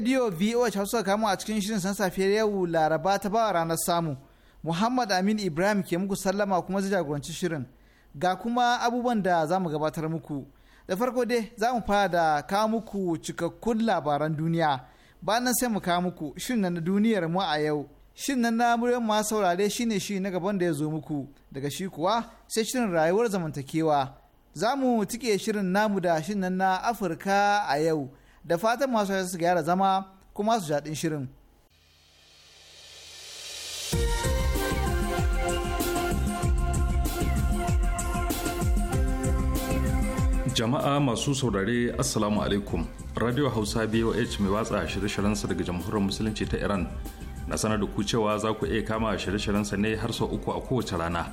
radio voh hausa kamu a cikin shirin san safiyar yau laraba ta bawa ranar samu muhammad amin ibrahim ke muku sallama kuma zai jagoranci shirin ga kuma abubuwan da za mu gabatar muku da farko dai za mu fara da kawo muku cikakkun labaran duniya bayan sai mu kawo muku shirin na duniyar mu a yau shirin nan na muryar ma saurare shine shi na gaban da ya zo muku daga shi kuwa sai shirin rayuwar zamantakewa za mu tike shirin namu da shirin nan na afirka a yau da fatan masu su gyara zama kuma su jaɗin shirin. jama'a masu saurare assalamu alaikum radio hausa boh mai watsa shirye-shiryensa daga jamhuriyar musulunci ta iran na sanar da ku cewa za ku iya kama shirye-shiryensa ne har sau uku a kowace rana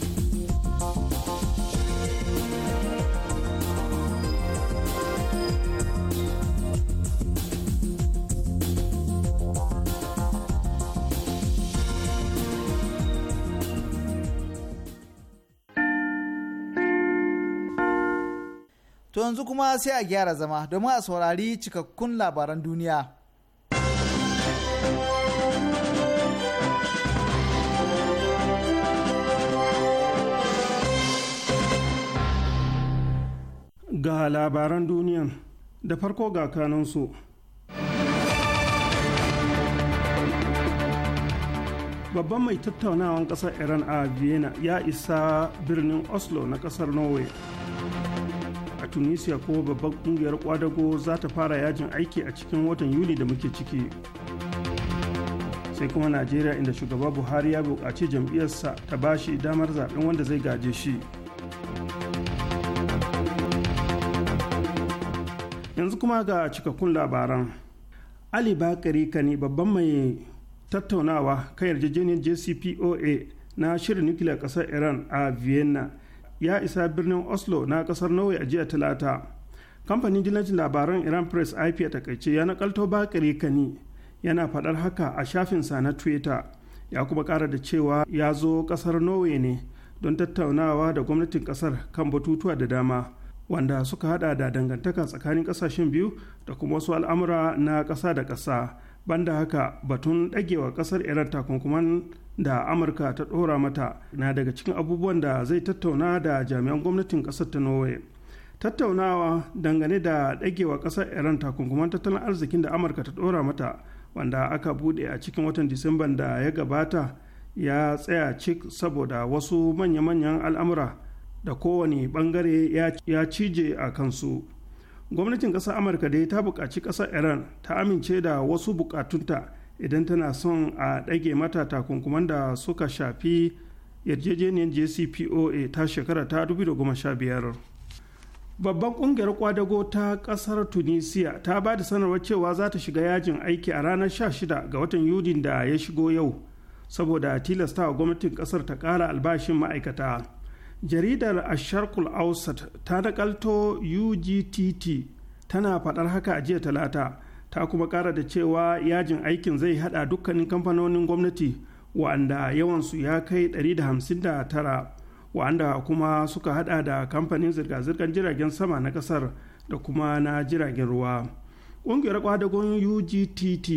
yanzu kuma sai a gyara zama domin a saurari cikakkun labaran duniya. Ga labaran duniyan da farko ga kanansu. babban mai tattaunawan kasar iran a vienna ya isa birnin oslo na ƙasar norway tunisia ko babban kungiyar kwadago za ta fara yajin aiki a cikin watan yuli da muke ciki sai kuma najeriya inda shugaba buhari ya buƙaci jam'iyyarsa ta ba shi damar zaɓen wanda zai gaje shi yanzu kuma ga cikakkun labaran ali bakari kani babban mai tattaunawa kan yarjejeniyar jcpoa na shirin nukiliyar ƙasar iran a vienna ya isa birnin oslo na kasar norway a jiya talata kamfanin dillancin labaran iran press ip a takaice ya nakalto bakare kani yana faɗar haka a shafinsa na twitter ya kuma ƙara da cewa ya zo kasar norway ne don tattaunawa da gwamnatin kasar kan batutuwa da dama wanda suka hada da dangantaka tsakanin kasashen biyu da kuma wasu al'amura na ƙasa da ƙasa banda haka batun ɗagewa ƙasar iran takunkuman da amurka ta ɗora mata na daga cikin abubuwan da zai tattauna da jami'an gwamnatin ƙasar ta norway tattaunawa dangane da ɗagewa ƙasar iran takunkuman tattalin arzikin da amurka ta ɗora mata wanda aka buɗe a cikin watan disamban da ya gabata ya tsaya cik saboda wasu manya-manyan al'amura da kowane bangare ya cije a kansu gwamnatin ƙasar amurka dai ta buƙaci ƙasar iran ta amince da wasu buƙatunta idan tana son a ɗage mata takunkuman da suka shafi yarjejeniyar jcpoa ta shekara ta 2015 babban ƙungiyar kwadago ta ƙasar tunisia ta ba da sanarwar cewa za ta shiga yajin aiki a ranar 16 ga watan yudin da ya shigo yau saboda tilasta wa gwamnatin ƙasar ta ƙara albashin ma'aikata jaridar asharkul ausat ta nakalto ugtt tana faɗar haka a jiya talata ta kuma kara da cewa yajin aikin zai haɗa dukkanin kamfanonin gwamnati wa'anda yawansu ya kai 159 wa'anda kuma suka haɗa da kamfanin zirga-zirgar jiragen sama na kasar da kuma na jiragen ruwa ƙungiyar kwadagon ugtt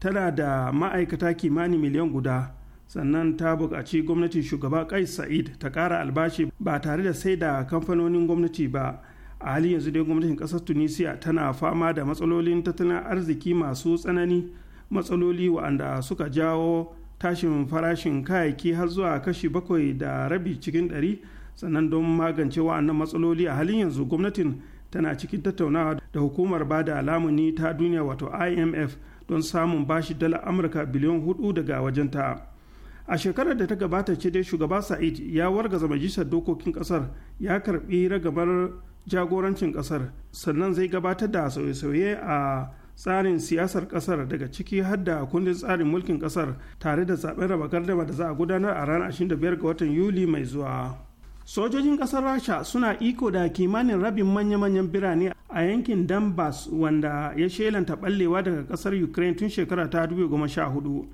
tana da ma'aikata kimanin miliyan guda sannan ta buƙaci gwamnatin shugaba kais sa'id ta ƙara albashi ba tare da sai da kamfanonin gwamnati ba a halin yanzu dai gwamnatin ƙasar tunisia tana fama da matsalolin tattalin arziki masu tsanani matsaloli wa'anda suka jawo tashin farashin kayayyaki har zuwa kashi bakwai da rabi cikin ɗari sannan don magance wa'annan matsaloli a halin yanzu gwamnatin tana cikin tattaunawa da hukumar ba da lamuni ta duniya wato imf don samun bashi dala amurka biliyan hudu daga wajenta. a shekarar da ta gabata ce dai shugaba sa'id ya wargaza majalisar dokokin kasar ya karbi ragamar jagorancin kasar sannan zai gabatar da sauye-sauye a tsarin siyasar kasar daga ciki har da kundin tsarin mulkin kasar tare da zaben raba gardama da za a gudanar a ranar 25 ga watan yuli mai zuwa sojojin kasar rasha suna iko da kimanin rabin manya-manyan birane a yankin donbass wanda ya shelanta ɓallewa daga kasar ukraine tun shekara ta 2014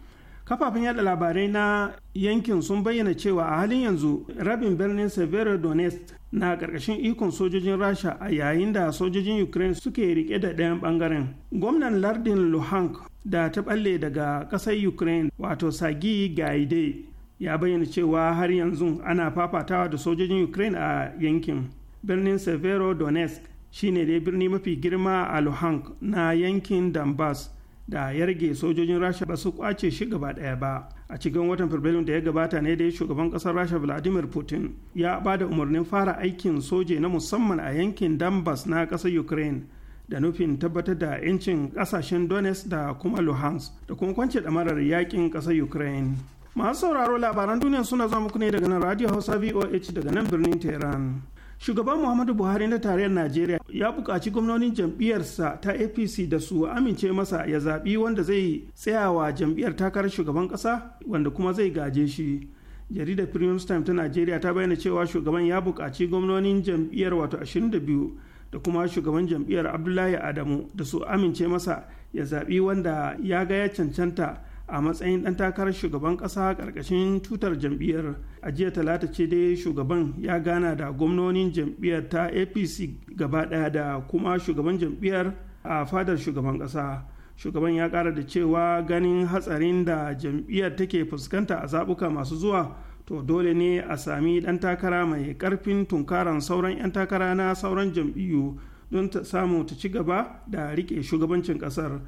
kafafen yada labarai na yankin sun bayyana cewa a halin yanzu rabin birnin Severo Donetsk na ƙarƙashin ikon sojojin rasha a yayin da sojojin ukraine suke rike da ɗayan bangaren gwamnan lardin luhansk da ta ɓalle daga ƙasar ukraine wato sagi gaide ya bayyana cewa har yanzu ana fafatawa da sojojin ukraine a yankin birnin Severo Donetsk shine dai birni mafi girma a luhansk na yankin donbass da ya rage sojojin rasha ba su kwace shi gaba daya ba a cikin watan fabrairu da ya gabata ne da shugaban kasar rasha vladimir putin ya ba da umarnin fara aikin soje na musamman a yankin donbass na kasar ukraine da nufin tabbatar da 'yancin kasashen donetsk da kuma luhansk da kuma kwance damarar yakin kasar ukraine masu sauraro labaran duniya suna zuwa muku daga nan radio hausa voh daga nan birnin tehran shugaban muhammadu buhari na tarayyar najeriya ya buƙaci gwamnonin jam'iyyarsa ta apc da su amince masa ya zaɓi wanda zai tsayawa jam'iyyar takarar shugaban ƙasa wanda kuma zai gaje shi jaridar premium time ta najeriya ta bayyana cewa shugaban ya bukaci gwamnonin jam'iyyar wato 22 da kuma shugaban jam'iyyar abdullahi adamu da su amince masa ya zaɓi wanda ya ga ya cancanta a matsayin ɗan takarar shugaban ƙasa ƙarƙashin tutar jam'iyyar a jiya talata ce dai shugaban ya gana da gwamnonin jam'iyyar ta apc gaba ɗaya da kuma shugaban jam'iyyar a fadar shugaban ƙasa shugaban ya ƙara da cewa ganin hatsarin da jam'iyyar take fuskanta a zaɓuka masu zuwa to dole ne a sami ɗan takara mai ƙarfin tunkaran sauran 'yan takara na sauran jam'iyyu don ta samu ta ci gaba da riƙe shugabancin ƙasar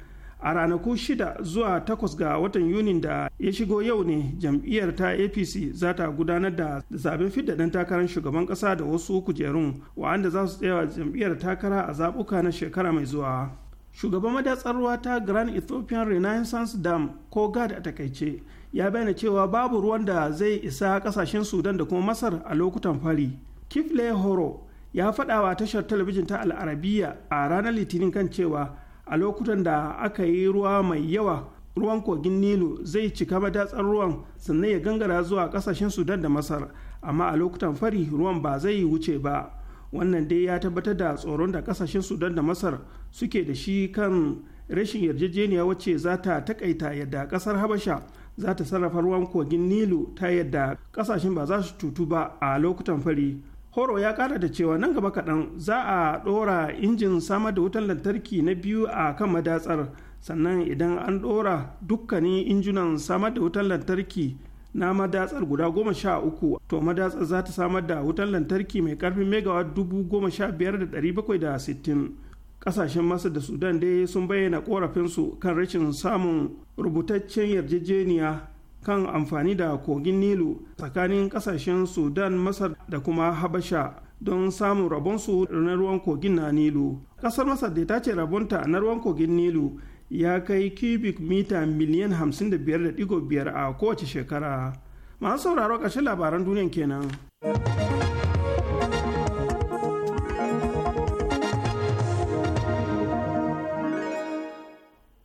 a ranaku shida zuwa takwas ga watan yunin da ya shigo yau ne jam'iyyar ta apc za ta gudanar da zaben fidda ɗan takarar shugaban ƙasa da wasu kujerun wa'anda za su tsayawa jam'iyyar takara a zaɓuka na shekara mai zuwa shugaban madatsar ruwa ta grand ethiopian renaissance dam ko gad a takaice ya bayyana cewa babu ruwan da zai isa kasashen sudan da kuma masar a lokutan fari kifle horo ya faɗawa tashar talabijin ta al'arabiya a ranar litinin kan cewa a lokutan da aka yi ruwa mai yawa ruwan kogin nilu zai cika madatsar ruwan sannan ya gangara zuwa kasashen sudan da masar amma a lokutan fari ruwan ba zai yi wuce ba wannan dai ya tabbatar da tsoron da kasashen sudan da masar suke da shi kan rashin yarjejeniya wacce za ta takaita yadda kasar habasha za ta sarrafa ruwan kogin nilu ta yadda kasashen ba za su tutu ba a lokutan fari horo ya kara da cewa nan gaba kaɗan za a ɗora injin samar da wutar lantarki na biyu a kan madatsar sannan idan an ɗora dukkanin injunan samar da wutar lantarki na madatsar guda goma sha uku to madatsar za ta samar da wutan lantarki mai karfin megawatt dubu goma sha biyar da ɗari bakwai da sittin kasashen masu da sudan dai sun bayyana korafinsu kan rashin samun rubutaccen yarjejeniya kan amfani da kogin nilu tsakanin kasashen sudan masar da kuma habasha don samun rabonsu na ruwan kogin na nilu kasar masar da ta ce rabonta na ruwan kogin nilu ya kai cubic mita miliyan 55.5 a kowace shekara masu sauraro ƙarshen labaran duniyan kenan.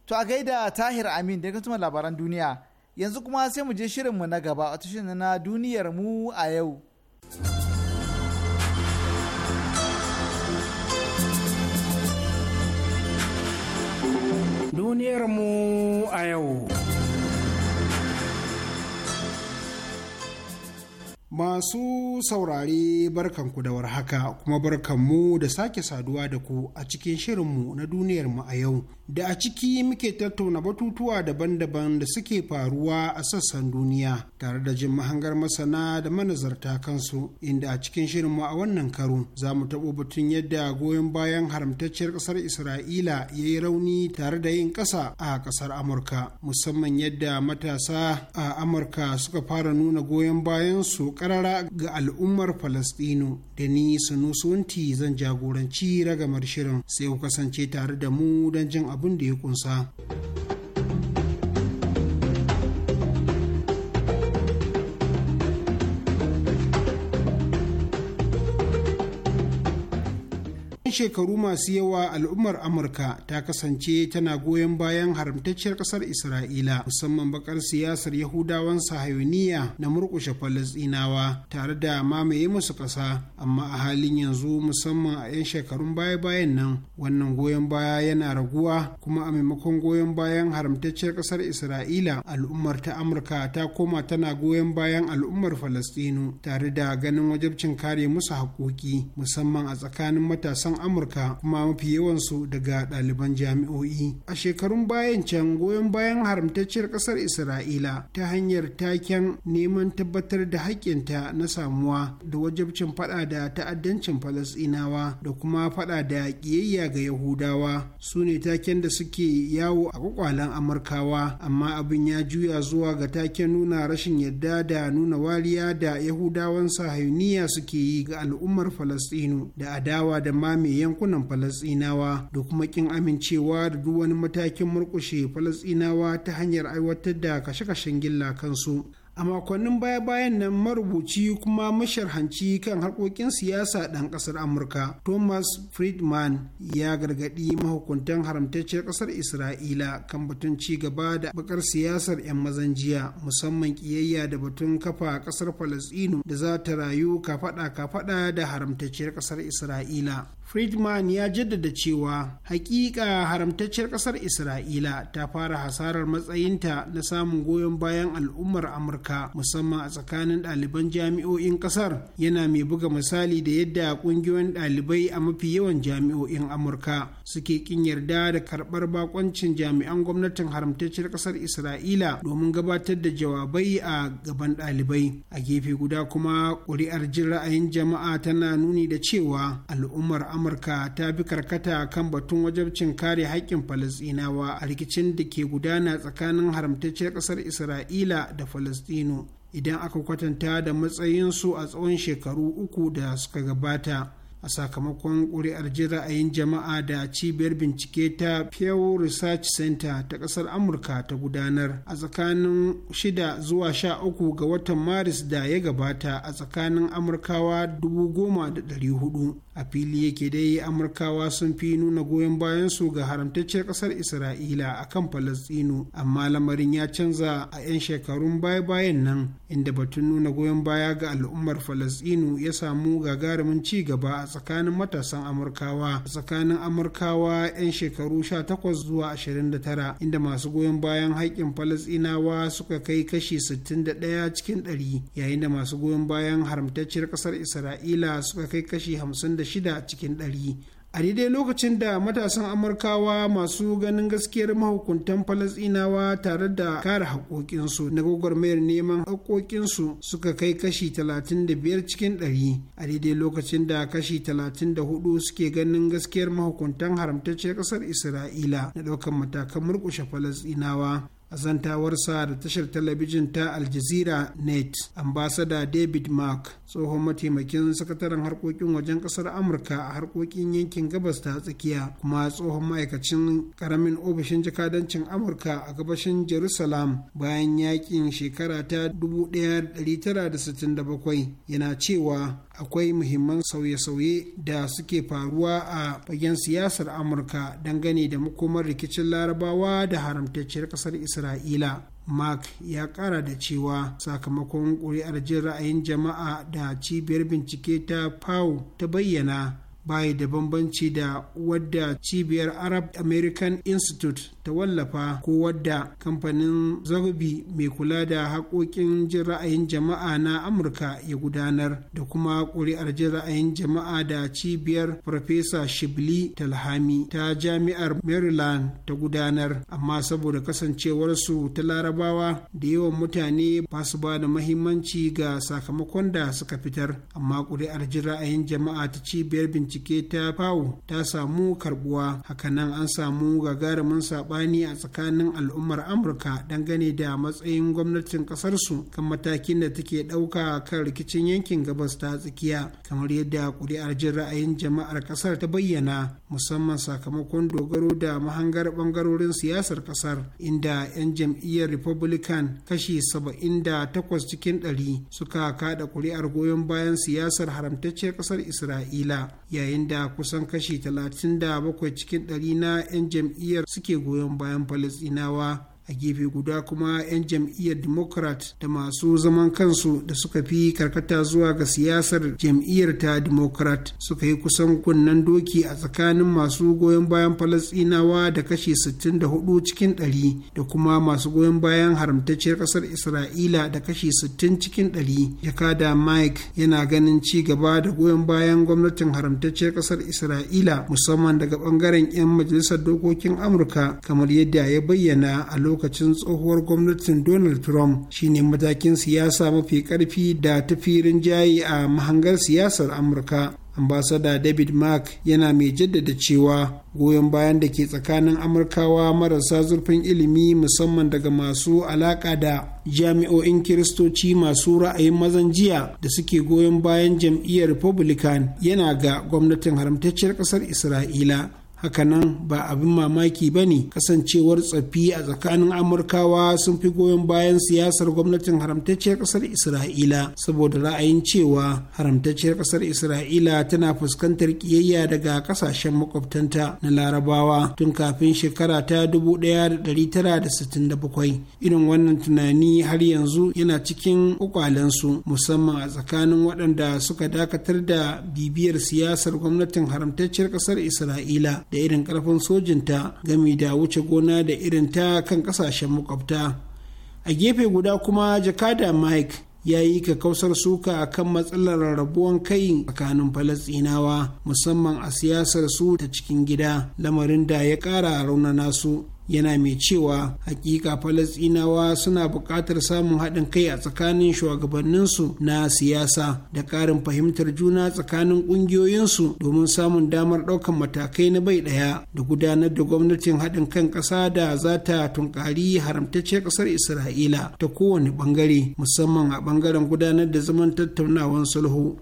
To a gaida Tahir Amin da kuma labaran duniya yanzu kuma sai mu je shirinmu na gaba a shirin na duniyar mu a yau. Duniyar mu a yau. Masu saurare barkanku da warhaka kuma barkanmu da sake saduwa da ku a cikin shirinmu na duniyar mu a yau da a ciki muke tattauna batutuwa daban-daban da suke faruwa a sassan duniya tare da jin mahangar masana da manazarta kansu inda a cikin shirinmu a wannan karo za mu taɓo batun yadda goyon bayan haramtacciyar ƙasar isra'ila ya yi rauni tare da yin ƙasa a ƙasar amurka musamman yadda matasa a amurka suka fara nuna goyon bayan su ƙarara ga al'ummar falastinu da ni su sunusunti zan jagoranci ragamar shirin sai ku kasance tare da mu don jin abin da ya kunsa. yan shekaru masu yawa al'ummar amurka ta kasance tana goyon bayan haramtacciyar kasar isra'ila musamman bakar siyasar yahudawan Sahayuniya na murƙushe falasɗinawa tare da mamaye musu ƙasa amma a halin yanzu musamman a 'yan shekarun baya-bayan nan wannan goyon baya yana raguwa kuma a maimakon goyon bayan haramtacciyar kasar isra'ila al'ummar ta amurka ta koma tana goyon bayan al'ummar falasɗinu tare da ganin wajabcin kare musu haƙoƙi musamman a tsakanin matasan amurka kuma mafi yawansu daga ɗaliban jami'o'i a shekarun bayan can goyon bayan haramtacciyar ƙasar isra'ila ta hanyar taken neman tabbatar da haƙƙinta na samuwa da wajabcin faɗa da ta'addancin falasɗinawa da kuma faɗa da ƙiyayya ga yahudawa su ne taken da suke yawo a kwakwalen amurkawa amma abin ya juya zuwa ga taken nuna rashin yarda da nuna wariya da yahudawan sahayuniya suke yi ga al'ummar falasɗinu da adawa da mami mai yankunan falasinawa da kuma kin amincewa da duk wani matakin murkushe falasinawa ta hanyar aiwatar da kashe-kashen gilla kansu a makonnin baya-bayan nan marubuci kuma masharhanci kan harkokin siyasa ɗan ƙasar amurka thomas friedman ya gargaɗi mahukuntan haramtacciyar ƙasar isra'ila kan batun ci gaba da bakar siyasar 'yan mazan jiya musamman ƙiyayya da batun kafa ƙasar falasɗinu da za ta rayu kafaɗa-kafaɗa da haramtacciyar ƙasar isra'ila Friedman ya jaddada cewa hakika haramtacciyar kasar Isra'ila ta fara hasarar matsayinta na samun goyon bayan al'ummar Amurka musamman a tsakanin ɗaliban jami'o'in kasar yana mai buga misali da yadda ƙungiyoyin ɗalibai a mafi yawan jami'o'in Amurka suke kin yarda da karɓar bakoncin jami'an gwamnatin haramtacciyar kasar Isra'ila domin gabatar da jawabai a gaban ɗalibai. A gefe guda kuma ƙuri'ar jin ra'ayin jama'a tana nuni da cewa al'ummar amurka ta fi karkata kan batun wajabcin kare haƙƙin falasɗinawa a rikicin da ke gudana tsakanin haramtacciyar ƙasar isra'ila da falasɗinu idan aka kwatanta da matsayinsu a tsawon shekaru uku da suka gabata a sakamakon ƙuri'ar jin ra'ayin jama'a da cibiyar bincike ta Pew Research Center ta ƙasar Amurka ta gudanar a tsakanin 6 zuwa 13 ga watan Maris da ya gabata a tsakanin Amurkawa 10,400. A fili yake dai Amurkawa sun fi nuna goyon bayansu ga haramtacciyar ƙasar Isra'ila a kan Falasɗinu, amma lamarin ya canza a 'yan shekarun baya-bayan nan inda batun nuna goyon baya ga al'ummar Falasɗinu ya samu gagarumin ci gaba tsakanin matasan amurkawa tsakanin amurkawa 'yan shekaru 18 zuwa 29 inda masu goyon bayan haƙƙin falasɗinawa suka kai kashi 61 cikin 100 yayin da masu goyon bayan haramtacciyar ƙasar isra'ila suka kai kashi 56 cikin 100 a daidai lokacin da matasan amurkawa masu ganin gaskiyar mahukuntan falasinawa tare da kare haƙoƙinsu na gwagwarmayar neman haƙoƙinsu suka kai kashi 35 cikin 100 a daidai lokacin da kashi 34 suke ganin gaskiyar mahukuntan haramtacciyar ƙasar isra'ila na ɗaukar matakan murƙushe falasinawa a zantawarsa da tashar talabijin ta aljazira net ambasada david mark tsohon mataimakin sakataren harkokin wajen kasar amurka a harkokin yankin gabas ta tsakiya kuma tsohon ma'aikacin karamin ofishin jakadancin amurka a gabashin jerusalem bayan yakin shekara ta 1967 yana cewa akwai muhimman sauye-sauye da suke faruwa a fagen siyasar amurka dangane da makomar rikicin larabawa da haramtacciyar kasar isra'ila mark ya kara da cewa sakamakon ƙuri'ar jin ra'ayin jama'a da cibiyar bincike ta pau ta bayyana bayi da bambanci da wadda cibiyar arab american institute ta wallafa ko wadda kamfanin zarbi mai kula da haƙoƙin jin ra'ayin jama'a na amurka ya gudanar da kuma ƙuri'ar jin ra'ayin jama'a da cibiyar farfesa shibli talhami ta jami'ar maryland ta gudanar amma saboda kasancewarsu ta larabawa da yawan mutane ba su ba da mahimmanci ga sakamakon da suka fitar amma ƙuri'ar jin ra'ayin jama'a ta cibiyar bincike ta fawo ta samu karbuwa hakanan an samu gagarumin saɓa saɓani a tsakanin al'ummar amurka dangane da matsayin gwamnatin ƙasarsu kan matakin da take ɗauka kan rikicin yankin gabas ta tsakiya kamar yadda ƙuri'ar jin ra'ayin jama'ar ƙasar ta bayyana musamman sakamakon dogaro da mahangar bangarorin siyasar ƙasar inda 'yan jam'iyyar republican kashi 78 cikin 100 suka kada ƙuri'ar goyon bayan siyasar haramtacciyar ƙasar isra'ila yayin da kusan kashi 37 cikin 100 na 'yan jam'iyyar suke goyon goyon bayan falasinawa a gefe guda kuma 'yan jam'iyyar democrat da masu zaman kansu da suka fi karkata zuwa ga siyasar jam'iyyar ta democrat suka yi kusan kunnen doki a tsakanin masu goyon bayan falasinawa da kashe 64 cikin 100 da kuma masu goyon bayan haramtacciyar kasar isra'ila da kashe 60 cikin 100 jakada mike yana ganin ci gaba da goyon bayan gwamnatin haramtacciyar kasar isra'ila musamman daga bangaren 'yan majalisar dokokin amurka kamar yadda ya bayyana a lokacin lokacin tsohuwar gwamnatin donald trump shine matakin siyasa mafi karfi da tafi rinjaye a mahangar siyasar amurka ambasada david mark yana mai jaddada cewa goyon bayan da ke tsakanin amurkawa marasa zurfin ilimi musamman daga masu alaƙa da jami'o'in kiristoci masu ra'ayin mazan jiya da suke goyon bayan jam'iyyar republican yana ga gwamnatin haramtacciyar ƙasar isra'ila hakanan ba abin mamaki ba ne kasancewar tsaffi a tsakanin amurkawa sun fi goyon bayan siyasar gwamnatin haramtacciyar kasar isra'ila saboda ra'ayin cewa haramtacciyar kasar isra'ila tana fuskantar kiyayya daga kasashen makwabtanta na larabawa tun kafin shekara ta 1967 irin wannan tunani har yanzu yana cikin ukwalensu musamman a tsakanin waɗanda suka dakatar da bibiyar siyasar gwamnatin haramtacciyar kasar isra'ila da irin karfin sojinta gami da wuce gona da irin ta kan kasashen makwabta a gefe guda kuma jakada mike ya yi kakausar suka a kan matsalar rarrabuwan kai tsakanin falasinawa musamman a siyasar su ta cikin gida lamarin da ya ƙara raunana su yana mai cewa hakika falasinawa suna buƙatar samun haɗin kai a tsakanin shugabanninsu na siyasa da ƙarin fahimtar juna tsakanin ƙungiyoyinsu domin samun damar ɗaukan matakai na bai ɗaya da gudanar da gwamnatin haɗin kan ƙasa da za ta tunkari haramtacce ƙasar isra'ila ta kowane ɓangare musamman a ɓangaren gudanar da zaman tattaunawan sulhu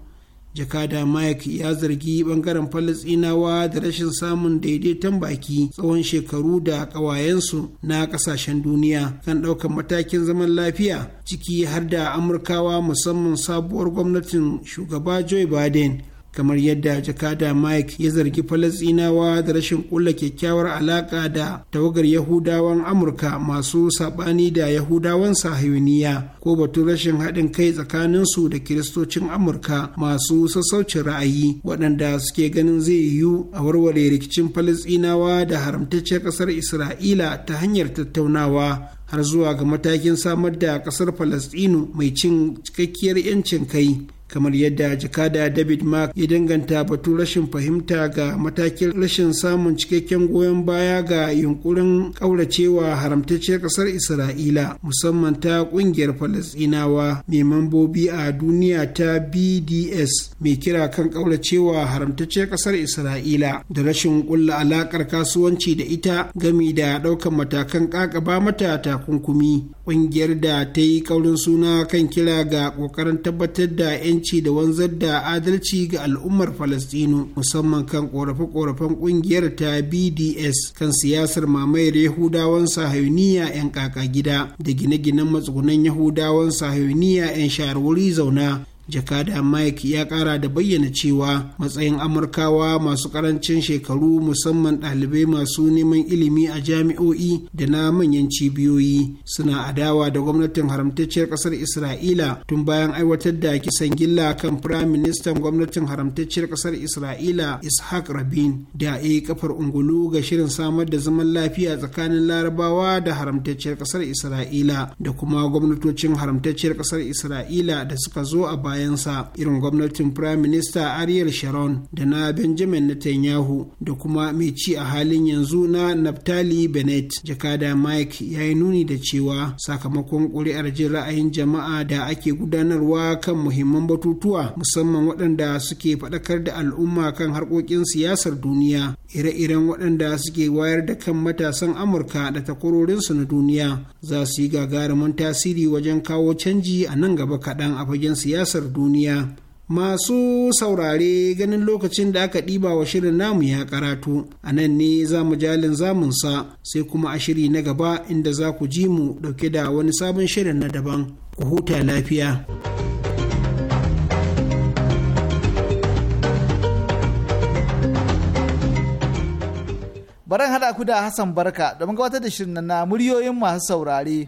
jakada mike ya zargi bangaren falastinawa da rashin samun daidaiton baki tsawon shekaru da ƙawayensu na ƙasashen duniya kan ɗaukar matakin zaman lafiya ciki har da amurkawa musamman sabuwar gwamnatin shugaba joe biden kamar yadda jakada mike ya zargi falasinawa da rashin kulla kyakkyawar alaka da tawagar yahudawan amurka masu sabani da yahudawan sahiyuniya ko batun rashin haɗin kai tsakanin su da kiristocin amurka masu sassaucin ra'ayi waɗanda suke ganin zai yiwu a warware rikicin falasinawa da haramtacciyar ƙasar isra'ila ta hanyar tattaunawa har zuwa ga matakin samar da ƙasar falasɗinu mai cin cikakkiyar 'yancin kai kamar yadda jakada david mark ya danganta batun rashin fahimta ga matakin rashin samun cikakken goyon baya ga yunkurin kauracewa haramtacciyar kasar isra'ila musamman ta kungiyar falasinawa mai mambobi a duniya ta bds mai kira kan kauracewa haramtacciyar kasar isra'ila da rashin kulla alakar kasuwanci da ita gami da daukan matakan kakaba mata takunkumi kungiyar da ta yi kaurin suna kan kira ga kokarin tabbatar da 'yan 'yanci da wanzar da adalci ga al'ummar falastinu musamman kan korafe-korafen kungiyar ta bds kan siyasar mamayar yahudawan sahayuniya 'yan kaka gida da gine-ginen matsugunan yahudawan sahayuniya 'yan shahararwuri zauna jakada mike ya kara da bayyana cewa matsayin amurkawa masu karancin shekaru musamman ɗalibai masu neman ilimi a jami'o'i da na manyan cibiyoyi suna adawa da gwamnatin haramtacciyar ƙasar isra'ila tun bayan aiwatar da kisan gilla kan firaministan gwamnatin haramtacciyar ƙasar isra'ila ishaq rabin da a kafar ungulu ga shirin samar da zaman lafiya tsakanin larabawa da haramtacciyar ƙasar isra'ila da kuma gwamnatocin haramtacciyar ƙasar isra'ila da suka zo a baya bayansa irin gwamnatin prime minister ariel sharon da na benjamin netanyahu da kuma mai ci a halin yanzu na naftali bennett jakada mike ya yi nuni da cewa sakamakon kuri'ar jin ra'ayin jama'a da ake gudanarwa kan muhimman batutuwa musamman waɗanda suke faɗakar da al'umma kan harkokin siyasar duniya ire-iren waɗanda suke wayar da kan matasan amurka da takwarorinsu na duniya za su yi gagarumin tasiri wajen kawo canji a nan gaba kaɗan a fagen siyasar ƙasar duniya masu saurare ganin lokacin da aka ɗiba wa shirin namu ya karatu a nan ne za mu jalin zamunsa sai kuma a shiri na gaba inda za ku ji mu ɗauke da wani sabon shirin na daban ku huta lafiya. Baran haɗa ku da Hassan Barka domin gabatar da shirin na muryoyin masu saurare.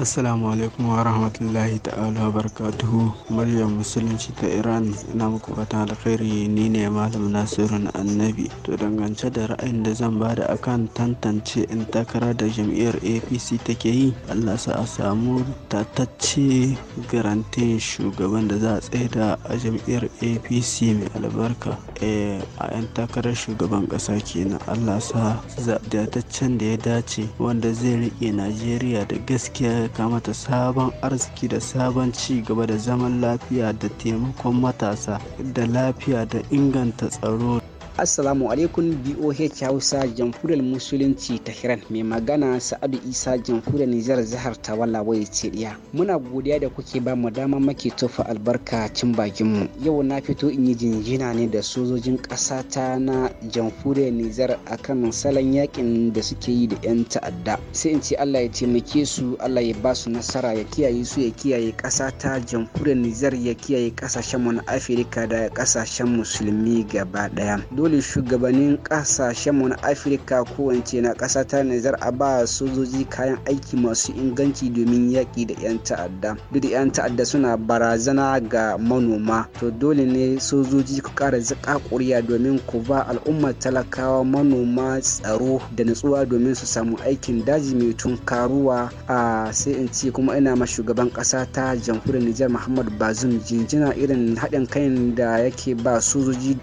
assalamu alaikum wa rahmatullahi ta'ala barakatuhu maryam musulunci ta iran ina muku fata alkhairi ni ne malam nasirun annabi to dangance da ra'ayin da zan ba da akan tantance in takara da jam'iyyar apc take yi allah sa a samu tatacce garantin shugaban da za a tsaida a jam'iyyar apc mai albarka eh, a 'yan takarar shugaban ƙasa kenan allah sa da ya dace wanda zai riƙe najeriya da gaskiya mallaka mata sabon arziki da sabon ci gaba da zaman lafiya da taimakon matasa da lafiya da inganta tsaro Assalamu alaikum BOH Hausa jamhuriyar Musulunci Tehran mai magana Sa'adu Isa jamhuriyar Nijar jihar Tawala waye ce diya. Muna godiya da kuke ba mu dama maki tofa albarkacin bakin mu. Yau na fito in yi jinjina ne da sojojin ƙasa ta na jamhuriyar Nijar akan salon yakin da suke yi da 'yan ta'adda. Sai in ce Allah ya taimake su, Allah ya ba su nasara, ya kiyaye su, ya kiyaye ƙasa ta jamhuriyar Nijar, ya kiyaye ƙasashen mu na Afirka da ƙasashen musulmi gaba ɗaya. dole shugabannin kasashenmu na afirka kowance na ƙasa ta nijar a ba sojoji kayan aiki masu inganci domin yaƙi da 'yan ta'adda duk da 'yan ta'adda suna barazana ga manoma to dole ne sojoji ku kara zaƙa ƙuriya domin ku ba al'ummar talakawa manoma tsaro da nutsuwa domin su samu aikin daji mai tunkaruwa a sai in ce kuma ina ma shugaban ƙasa ta jamhuriyar nijar muhammad bazum jinjina irin haɗin kan da yake ba sojoji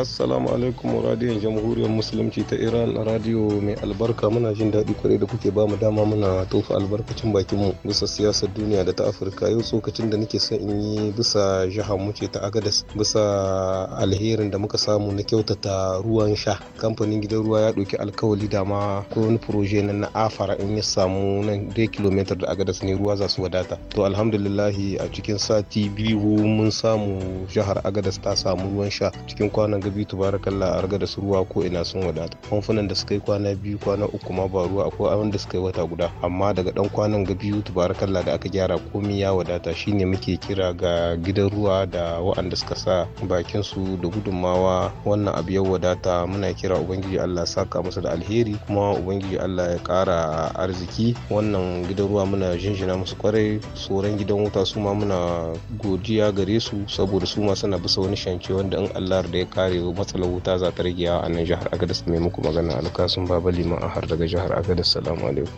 assalamu alaikum radiyon jamhuriyar musulunci ta iran radiyo mai albarka muna jin daɗi kwarai da kuke ba mu dama muna tofa albarkacin bakin mu bisa siyasar duniya da ta afirka yau tsokacin da nake son in yi bisa jihar mu ce ta agadas bisa alherin da muka samu na kyautata ruwan sha kamfanin gidan ruwa ya ɗauki alkawali da ma ko wani proje na na afara in ya samu nan dai kilomitar da agadas ne ruwa za su wadata to alhamdulillahi a cikin sati biyu mun samu jihar agadas ta samu ruwan sha cikin kwanan gabi tubarakallah a da su ruwa ko ina sun wadata famfunan da suka yi kwana biyu kwana uku ma ba ruwa akwai abin da suka yi wata guda amma daga dan kwanan ga biyu tubarakallah da aka gyara komi ya wadata shine muke kira ga gidan ruwa da wa'anda suka sa bakin su da gudummawa wannan abu ya wadata muna kira ubangiji Allah saka musu da alheri kuma ubangiji Allah ya kara arziki wannan gidan ruwa muna jinjina musu kwarai tsoron gidan wuta su ma muna godiya gare su saboda su ma suna bisa wani shance wanda in Allah da ya kare matsalar wuta za ta rage a nan jihar agadas mai muku magana alkasun baba liman a har daga jihar agadas salamu alaikum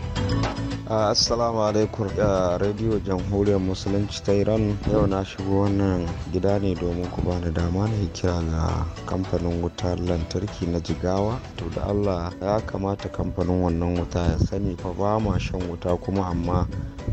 assalamu alaikum radio jamhuriyar musulunci ta iran yau na shigo wannan gida ne domin ku bani dama na yi kira ga kamfanin wutar lantarki na jigawa to da allah ya kamata kamfanin wannan wuta ya sani fa ba ma shan wuta kuma amma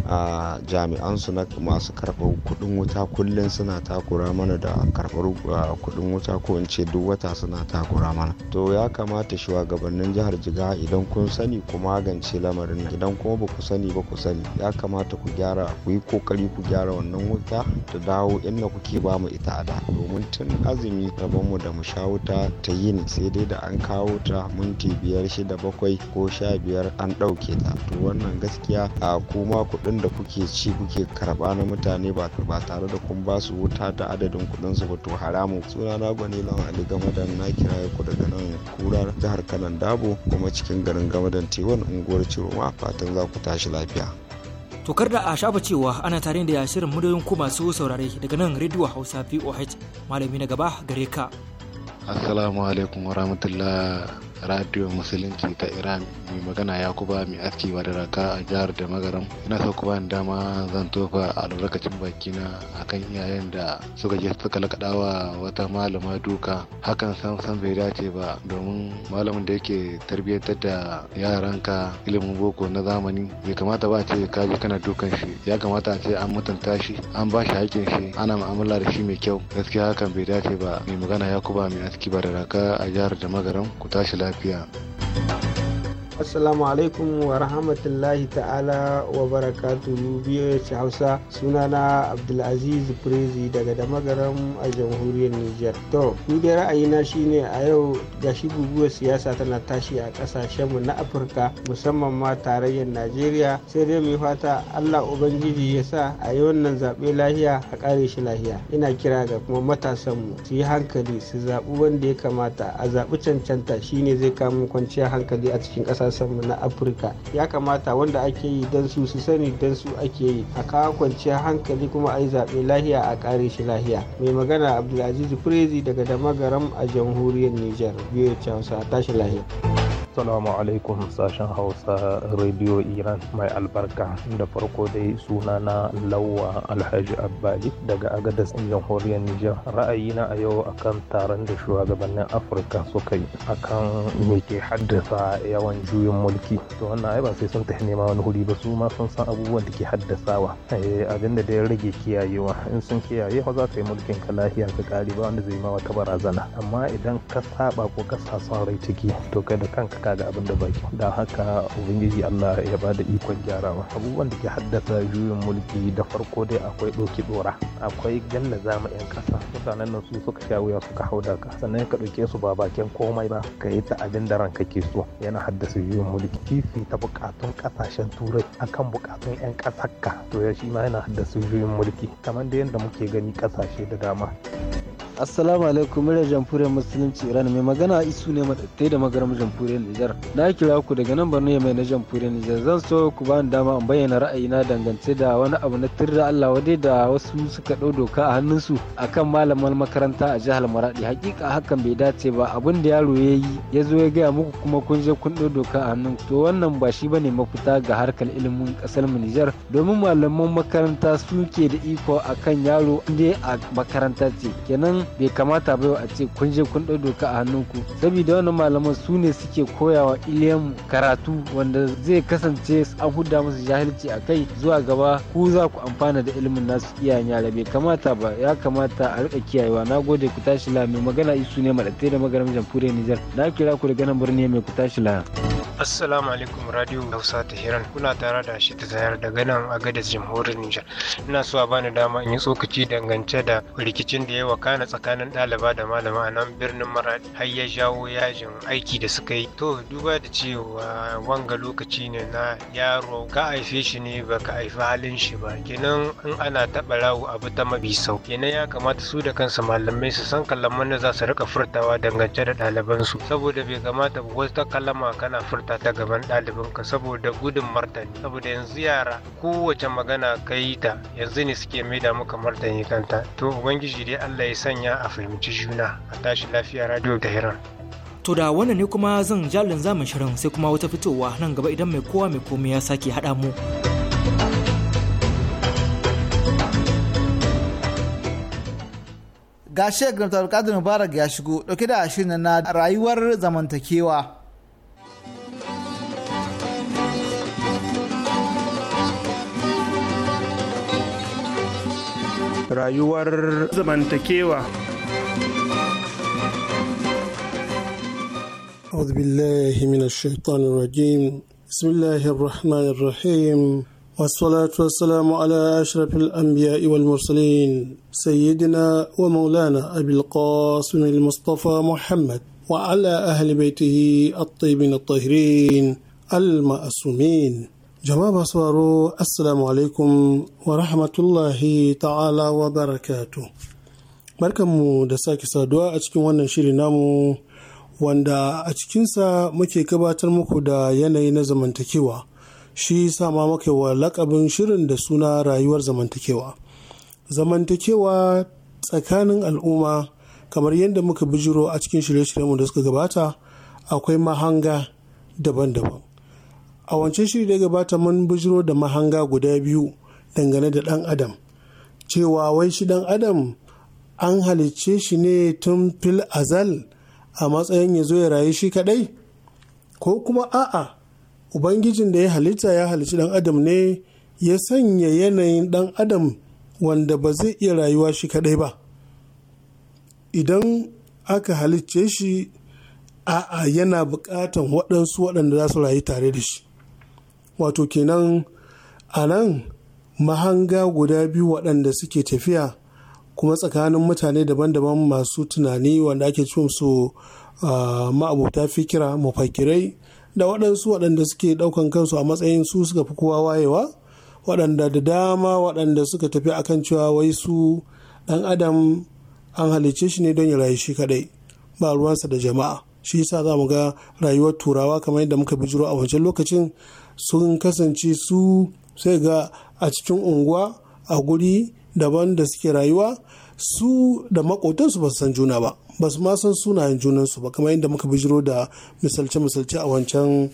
a jami'an su na masu karɓar kuɗin wuta kullum suna takura mana da karɓar kuɗin wuta ko in ce duk wata suna takura mana to ya kamata shugabannin jihar jigawa idan kun sani ku magance lamarin idan kuma ba ku sani ba ku sani ya kamata ku gyara ku yi kokari ku gyara wannan wuta ta dawo inda kuke ba mu ita ada domin tun azumi rabonmu da mu sha wuta ta yini sai dai da an kawo ta minti biyar shida bakwai ko sha biyar an ɗauke ta to wannan gaskiya a kuma kuɗin da kuke ci kuke karɓa na mutane ba tare da kun ba su wuta ta adadin kuɗin su ba to haramun suna na gwani lawan ali gamadan na kiraye ku daga nan kura jihar kanan dabo kuma cikin garin gamadan tewan unguwar ciroma fatan za ku ta tashi lafiya. Tokar da a shafa cewa ana tare da shirin muryoyin ku masu saurare daga nan rediyo Hausa VOH malami na gaba gare ka. Assalamu alaikum wa rahmatullah radio musulunci ta iran mai magana ya kuba mai aski wa raka a jihar da magaram ina so kuma dama zan tofa albarkacin na akan iyayen da suka je suka lakaɗawa wata malama duka hakan sam san bai dace ba domin malamin da yake tarbiyyantar da yaran ka ilimin boko na zamani bai kamata ba ce ka je kana dukan shi ya kamata a ce an mutunta shi an ba shi haƙƙin shi ana mu'amala da shi mai kyau gaskiya hakan bai dace ba mai magana ya kuba mai aski ba da raka a jihar da magaram ku tashi Itaquera. assalamu alaikum wa rahmatullahi ta'ala wa barakatuhu biyu hausa sunana abdulaziz prezi daga damagaram a jamhuriyar Nijar. to ni dai ra'ayina shine a yau gashi guguwar siyasa tana tashi a mu na afirka musamman ma tarayyar najeriya sai dai mu fata allah ubangiji ya sa a yi wannan zaɓe lahiya a ƙare shi lahiya ina kira ga kuma matasanmu su yi hankali su zaɓi wanda ya kamata a zaɓi cancanta shine zai kamo kwanciyar hankali a cikin ƙasa mu na afirka ya kamata wanda ake yi don su su sani don su ake yi a kawo kwanciyar hankali kuma a yi zaɓe lahiya a ƙare shi lahiya mai magana abdulaziz prezi daga damagaram a jamhuriyar niger biyu hausa tashi lahiya Assalamu alaikum sashen Hausa Radio Iran mai albarka da farko dai suna na Lawa Alhaji Abbali daga Agadas jamhuriyar Nijar. Ra'ayina a yau akan taron da shugabannin Afirka suka yi akan me ke haddasa yawan juyin mulki. To wannan ai ba sai sun tafi nema wani huri ba su ma sun san abubuwan da ke haddasawa. Eh, abin da dai rage kiyayewa in sun kiyaye fa za ka yi mulkin ka lafiya ka kare ba wanda zai ma wata barazana. Amma idan ka saba ko ka sa son rai ciki to kai da kanka alaka da abin da baki da haka ubangiji allah ya ba da ikon gyarawa abubuwan da ke haddasa juyin mulki da farko dai akwai ɗauki ɗora akwai galla zama 'yan ƙasa mutanen nan su suka sha wuya suka hau da ka sannan ka ɗauke su ba bakin komai ba ka yi ta abin da ranka ke so yana haddasa juyin mulki fifi ta buƙatun ƙasashen turai akan buƙatun 'yan ƙasar ka to ya shi ma yana haddasa juyin mulki kamar da yadda muke gani ƙasashe da dama assalamu alaikum muryar jamhuriyar musulunci iran mai magana isu ne madattai da magaram jamhuriyar nijar na kira ku daga nan borno mai na jamhuriyar nijar zan so ku ba ni dama in bayyana ra'ayi na dangance da wani abu na tirda allah wade da wasu suka ɗau doka a hannunsu akan malaman makaranta a jihar maradi hakika hakan bai dace ba abin da yaro ya yi ya zo ya gaya muku kuma kun je kun ɗau doka a hannun to wannan ba shi ba ne mafita ga harkar ilimin ƙasar mu nijar domin malaman makaranta ke da iko akan yaro inda a makaranta ce kenan bai kamata ba a ce kun je kun ɗau doka a hannun ku saboda wannan malaman su ne suke koyawa iliyan karatu wanda zai kasance an huda musu jahilci a kai zuwa gaba ku za ku amfana da ilimin nasu iyayen yara bai kamata ba ya kamata a rika kiyayewa na gode ku tashi la mai magana isu ne maɗatai da magaram jamfure nijar na kira ku daga nan birni mai ku tashi la assalamu alaikum radio hausa ta hiran kuna tare da shi ta zayar daga nan a gadas jamhuriyar nijar ina so a bani dama in yi tsokaci dangance da rikicin da ya wakana tsakanin ɗaliba da malama a nan birnin mara har ya jawo yajin aiki da suka yi to duba da cewa wanga lokaci ne na yaro ka haife shi ne ba ka haifi halin shi ba kenan in ana taɓa rawu abu ta mabi sau kenan ya kamata su da kansu malamai su san kalaman da za su rika furtawa dangance da ɗalibansu saboda bai kamata wata kalama kana furta ta gaban ɗalibinka saboda gudun martani saboda yanzu yara kowace magana ka yi ta yanzu ne suke maida maka martani kanta to ubangiji dai allah ya sanya sanya a fahimci juna a tashi lafiya radio hirar To da wannan ne kuma zan jalin zamun shirin sai kuma wata fitowa nan gaba idan mai kowa mai komai ya sake haɗa mu. Ga shekarar Abdulkadir Mubarak ya shigo ɗauke da shirin na rayuwar zamantakewa. rayuwar zamantakewa أعوذ بالله من الشيطان الرجيم بسم الله الرحمن الرحيم والصلاة والسلام على أشرف الأنبياء والمرسلين سيدنا ومولانا أبي القاسم المصطفى محمد وعلى أهل بيته الطيبين الطاهرين المأسومين jama'a masu waro assalamu alaikum wa rahmatullahi ta'ala wa barakatu barkanmu da sake saduwa a cikin wannan shiri namu wanda a cikinsa muke gabatar muku da yanayi na zamantakewa shi sama muke wa lakabin shirin da suna rayuwar zamantakewa zamantakewa tsakanin al'umma kamar yadda muka bijiro a cikin shirye-shiryenmu da suka gabata akwai mahanga daban-daban a wancan shiri da gabata mun bujiro da mahanga guda biyu dangane da ɗan adam cewa wai shi ɗan adam an halicce shi ne tun fil azal a matsayin ya zo ya rayu shi kadai ko kuma a'a ubangijin da ya halitta ya halicci ɗan adam ne ya sanya yanayin ɗan adam wanda ba zai iya rayuwa shi kadai ba idan aka halicce shi a'a yana bukatan waɗansu waɗanda za su rayu tare da shi wato kenan a nan mahanga guda biyu waɗanda suke tafiya kuma tsakanin mutane daban-daban masu tunani wanda ake cin su ma'abuta fikira mafakirai da waɗansu waɗanda suke ɗaukan kansu a matsayin su suka fi kowa wayewa waɗanda da dama waɗanda suka tafi kan cewa wai su ɗan adam an halicce shi ne don ya rayu shi kaɗai ba ruwansa da jama'a shi yasa za mu ga rayuwar turawa kamar yadda muka bijiro a wancan lokacin sun kasance su sai ga a cikin unguwa a guri daban da suke rayuwa su da makotansu ba su san juna ba ba su ma san sunayen junansu ba kamar yadda muka bijiro da misalce-misalce a wancan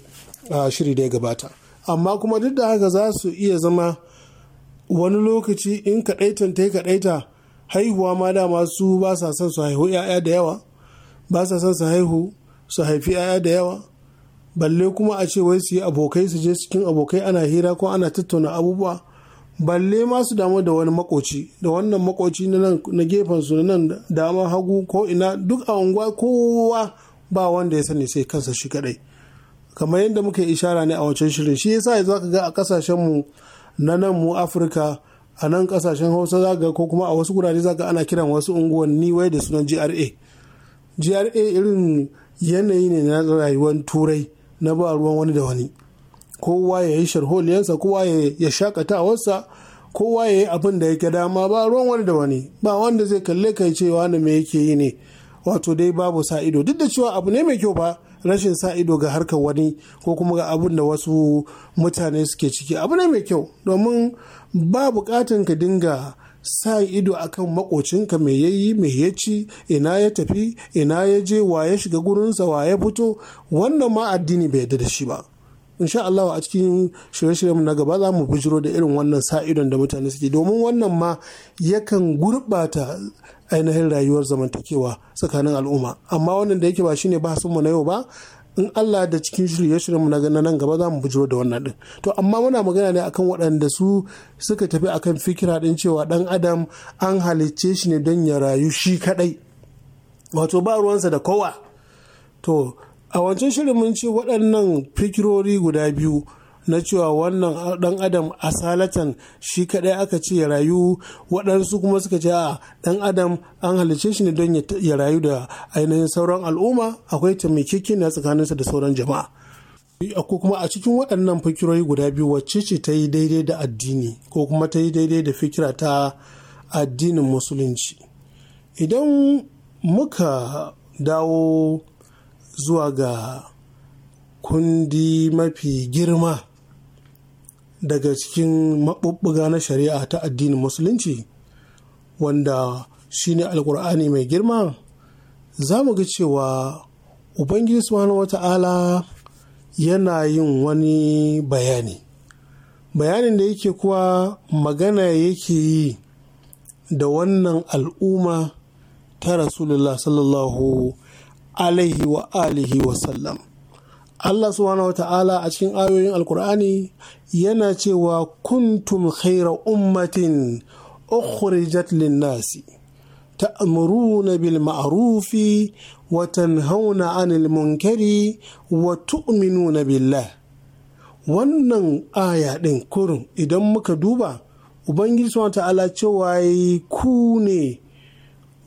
shiri da ya gabata amma kuma duk da haka za su iya zama wani lokaci in kaɗaitan ta kaɗaita haihuwa ma dama su ba sa son su haihu 'ya'ya da yawa ba sa son su haihu su haifi 'ya'ya da yawa balle kuma a ce wai su yi abokai su je cikin abokai ana hira ko ana tattauna abubuwa balle ma su damu da wani makoci da wannan makoci na gefen su na nan dama hagu ko ina duk a unguwa kowa ba wanda ya sani sai kansa shi kadai kamar yadda muka ishara ne a wancan shirin shi yasa yanzu ka ga a kasashen mu na nan mu afirka a nan kasashen hausa ga ko kuma a wasu gurare zaka ana kiran wasu unguwanni wai da sunan gra gra irin yanayi ne na rayuwar turai na ba ruwan wani da wani kowa ya yi sharholiyarsa kowa ya shakatawarsa kowa ya yi abin da yake dama ba ruwan wani da wani ba wanda zai kalle kai cewa na me yake yi ne wato dai babu sa ido duk da cewa abu ne mai kyau ba rashin sa ido ga harkar wani ko kuma ga abun da wasu mutane suke ciki abu ne mai kyau domin ba bukatan ka dinga sa ido akan makocinka mai yayi mai me ya ci ina ya tafi ina ya je wa ya shiga gurinsa wa ya fito wannan ma addini bai yadda da shi ba insha Allah a cikin shirye-shiryen na gaba za mu bujiro da irin wannan sa idon da mutane suke domin wannan ma yakan gurbata ainihin rayuwar zamantakewa tsakanin al'umma amma wannan da yake ba shine ba mu na yau ba in Allah da cikin shirye-shiryenmu na nan gaba za mu bujiro da wannan din to amma muna magana ne akan waɗanda su suka tafi akan fikira din cewa dan adam an halicce shi ne don ya rayu shi kadai wato ba ruwansa da kowa to a wancan shirin mun ce waɗannan fikirori guda biyu na cewa wannan dan adam asalatan shi kadai aka ce ya rayu waɗansu kuma suka ce a dan adam an halice shi ne don ya rayu da ainihin sauran al'umma akwai na tsakaninsa da sauran jama'a ko kuma a cikin waɗannan fikiroyi guda biyu wacce ce ta yi daidai da addini ko kuma ta yi daidai da fikira ta addinin musulunci idan muka dawo zuwa ga kundi mafi girma daga cikin maɓuɓɓuga na shari'a ta addinin musulunci wanda shi ne alkur'ani mai girma za mu ga cewa ubangiji subhanahu wata'ala yana yin wani bayani bayanin da yake kuwa magana yake yi da wannan al'umma ta rasulullah sallallahu alaihi wa alihi wa Allah subhanahu wa ta'ala a cikin ayoyin alkur'ani yana cewa kuntum khaira ummatin ukhrijat linnasi ta'muruna bil ma'rufi wa tanhauna 'anil munkari wa tu'minuna billah wannan aya din kurun idan muka duba ubangiji subhanahu wa ta'ala cewa ku ne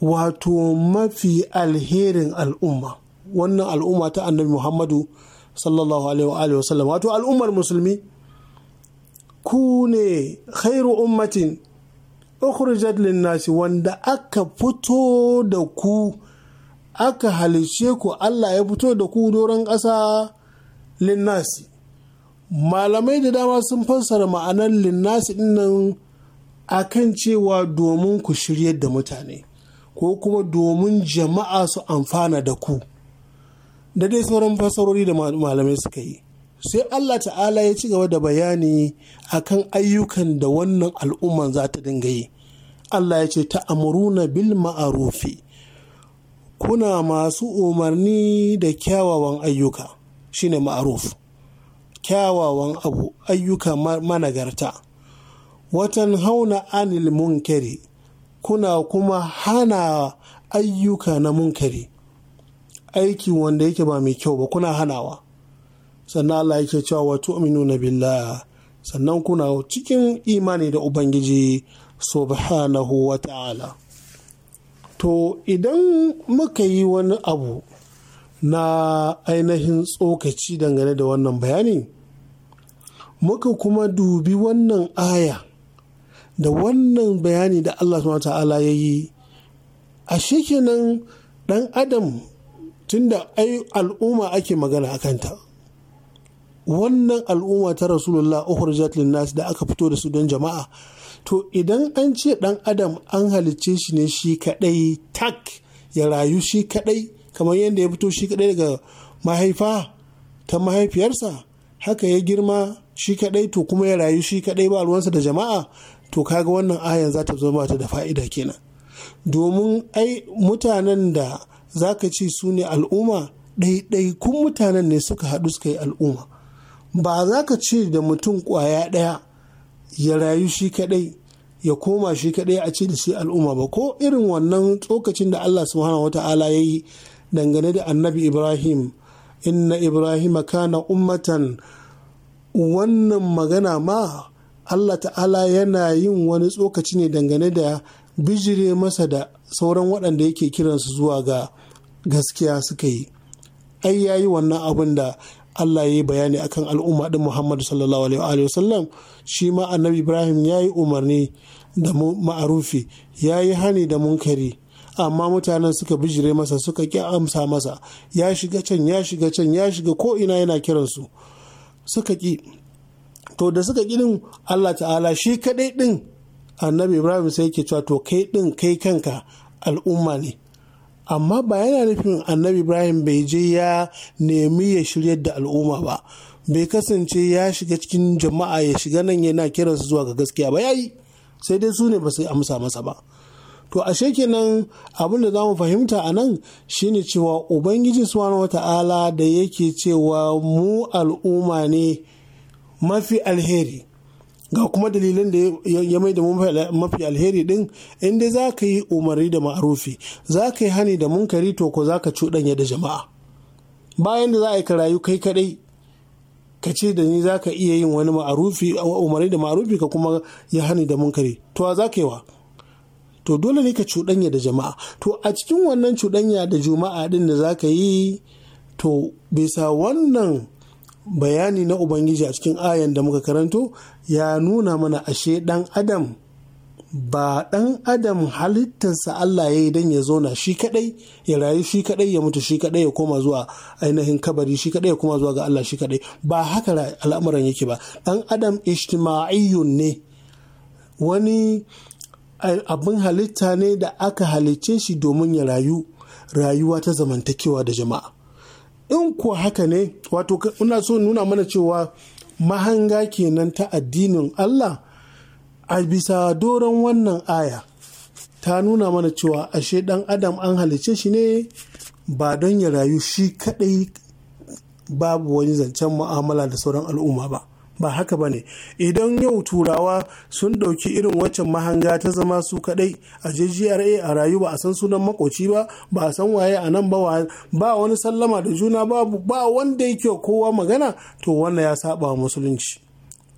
wato mafi alherin al'umma wannan al'umma ta annabi Muhammadu sallallahu alaihi wa sallam wato al'ummar musulmi ku ne khairu ummatin ukhrijat nasi wanda aka fito da ku aka halice ku Allah ya fito da ku doron ƙasa linnasi malamai da dama sun fassara ma'anar linnasi dinnan akan cewa domin ku shiryar da mutane ko kuma domin jama'a su amfana da ku da dai sauran fasarori da malamai suka yi sai Allah ta'ala ya ci gaba da bayani akan ayyukan da wannan al'umman za ta dinga yi Allah ya ce ta amuruna bil ma'arufi kuna masu umarni da kyawawan ayyuka shine ma'aruf kyawawan abu ayyuka managarta watan hauna anil munkari kuna kuma hana ayyuka na munkari aiki wanda yake ba mai kyau ba kuna hanawa sannan Allah yake cewa wa na billah sannan kuna cikin imani da ubangiji subhanahu wa ta'ala to idan muka yi wani abu na ainihin tsokaci dangane da wannan bayani muka kuma dubi wannan aya da wannan bayani da Allah ta'ala ya yi a shekenan dan adam tunda ai al'umma ake magana a kanta wannan al'umma ta rasulullah jatlin nas da aka fito da su don jama'a to idan an ce dan adam an halicce shi ne shi kadai tak ya rayu shi kadai kamar yadda ya fito shi kadai daga mahaifa ta mahaifiyarsa haka ya girma shi kadai to kuma ya rayu shi kadai ba ruwansa da jama'a to kaga wannan ayan za ta zama ta da fa'ida kenan domin ai mutanen da za ka ce su ne al'umma kun mutanen ne suka haɗu suka yi al'umma ba za ka ce da mutum ƙwaya ɗaya ya rayu shi kaɗai ya koma shi kaɗai a ce da shi al'umma ba ko irin wannan tsokacin da Allah subhanahu wata'ala ya yi dangane da annabi Ibrahim inna Ibrahim kana ummatan wannan magana ma Allah ta'ala yana yin wani tsokaci ne dangane da bijire masa da sauran waɗanda yake kiransu zuwa ga gaskiya suka yi ai ya yi wannan abin da Allah ya yi bayani akan al'umma din Muhammad sallallahu alaihi sallam shi ma annabi Ibrahim ya yi umarni da ma'arufi ya yi hani da munkari amma mutanen suka bijire masa suka ƙi amsa masa ya shiga can ya shiga can ya shiga ko ina yana kiransu suka ƙi to da suka ƙi din Allah ta'ala shi kaɗai ɗin, annabi Ibrahim sai yake cewa to kai ɗin kai kanka al'umma ne amma ba yana nufin annabi ibrahim bai je ya nemi ya shirya da al'umma ba bai kasance ya shiga cikin jama'a ya shiga nan yana kiransu zuwa ga gaskiya ba yayi sai dai su ne ba su amsa masa ba to ashe nan, abin da za mu fahimta a nan shine cewa ubangiji subhanahu wata'ala da yake cewa mu al'umma ne mafi alheri ga kuma dalilan da ya mai da mafi alheri din inda za ka yi umarni da ma'arufi za ka yi hani da munkari to ko za ka cuɗanya da jama'a bayan da za a yi ka rayu kai kaɗai ka ce da ni za ka iya yin wani ma'arufi umarni da ma'arufi ka kuma ya hani da munkari to a za ka yi wa to dole ne ka cuɗanya da jama'a to a cikin wannan cuɗanya da juma'a din da za ka yi to bisa wannan bayani na ubangiji a cikin ayan da muka karanto ya nuna mana ashe ɗan adam ba ɗan adam halittarsa Allah ya yi don ya zauna shi kaɗai, ya rayu shi kaɗai, ya mutu shi kaɗai, ya koma zuwa ainihin kabari shi kaɗai, ya koma zuwa ga Allah shi kaɗai. ba haka al'amuran yake ba Ɗan adam ijtima'iyyun ne wani abin halitta ne da aka halicce shi domin ya rayu rayuwa ta zamantakewa da jama'a in ko haka ne wato ina so nuna mana cewa mahanga kenan ta addinin Allah a bisa doron wannan aya ta nuna mana cewa ashe dan adam an halice shi ne ba don ya rayu shi kadai babu wani zancen mu'amala da sauran al'umma ba ba haka ba ne idan yau turawa sun ɗauki irin waccan mahanga ta zama su kaɗai a jgra a rayu ba a san sunan makoci ba ba a san waye a nan ba wani sallama da juna babu ba wanda yake kowa magana to wannan ya saba wa musulunci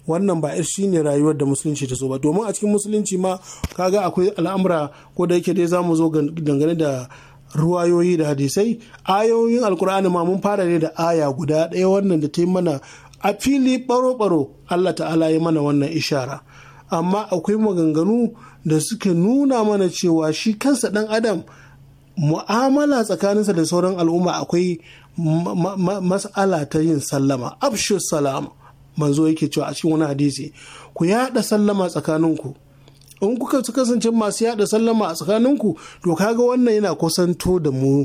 wannan ba shi ne rayuwar da musulunci ta so ba domin a cikin musulunci ma kaga akwai al'amura ko da yake dai za mu zo dangane da ruwayoyi da hadisai ayoyin alkur'ani ma mun fara ne da aya guda ɗaya wannan da ta yi mana a fili baro-baro Allah ta'ala ya mana wannan ishara amma akwai maganganu da suke nuna mana cewa shi kansa ɗan adam mu'amala tsakaninsa da sauran al'umma akwai mas'ala ta yin sallama abshir salama manzo yake cewa a cikin wani hadisi ku yaɗa sallama tsakaninku in kuka kasance masu yaɗa sallama a tsakaninku to kaga wannan yana kusanto da mu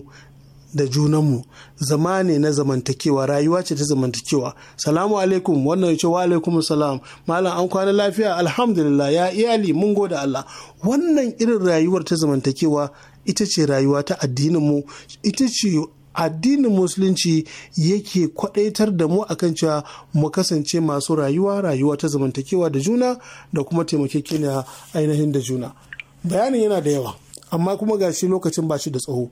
da junanmu zama ne na zamantakewa rayuwa ce ta zamantakewa salamu alaikum wannan ce wa alaikum salam malam an kwana lafiya alhamdulillah ya iyali mun da Allah wannan irin rayuwar ta zamantakewa ita ce rayuwa ta addininmu, ita ce addinin musulunci yake kwadaitar da mu akan cewa mu kasance masu rayuwa rayuwa ta zamantakewa da juna da kuma taimakekeniya ainihin da juna bayanin yana da yawa amma kuma gashi lokacin ba shi da tsaho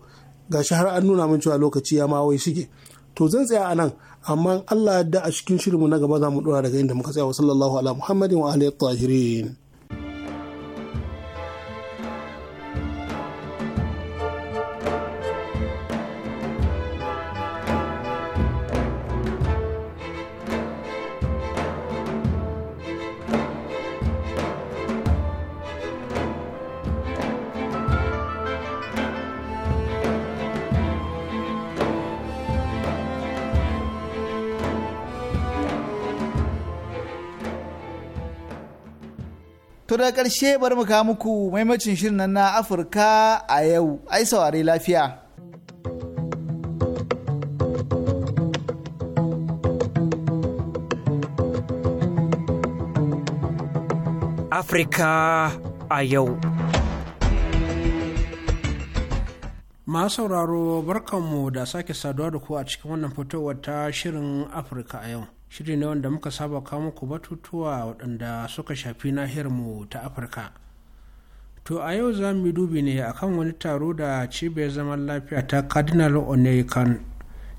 ga shi har an nuna min cewa lokaci ya ma wai shige to zan tsaya a nan amma Allah da a cikin shirinmu na gaba za mu dora daga inda muka tsaya wa sallallahu ala muhammadin wa alihi tahirin daga karshe bari mu muku maimacin shirin na afirka a yau ai saurare lafiya Afirka a yau. Masu sauraro barkanmu da sake saduwa da ku a cikin wannan fitowar ta shirin Afirka a yau. shiri ne wanda muka saba kawo muku batutuwa waɗanda suka shafi nahiyarmu ta afirka to a yau za mu dubi ne akan wani taro da cibiyar zaman lafiya ta cardinal onekan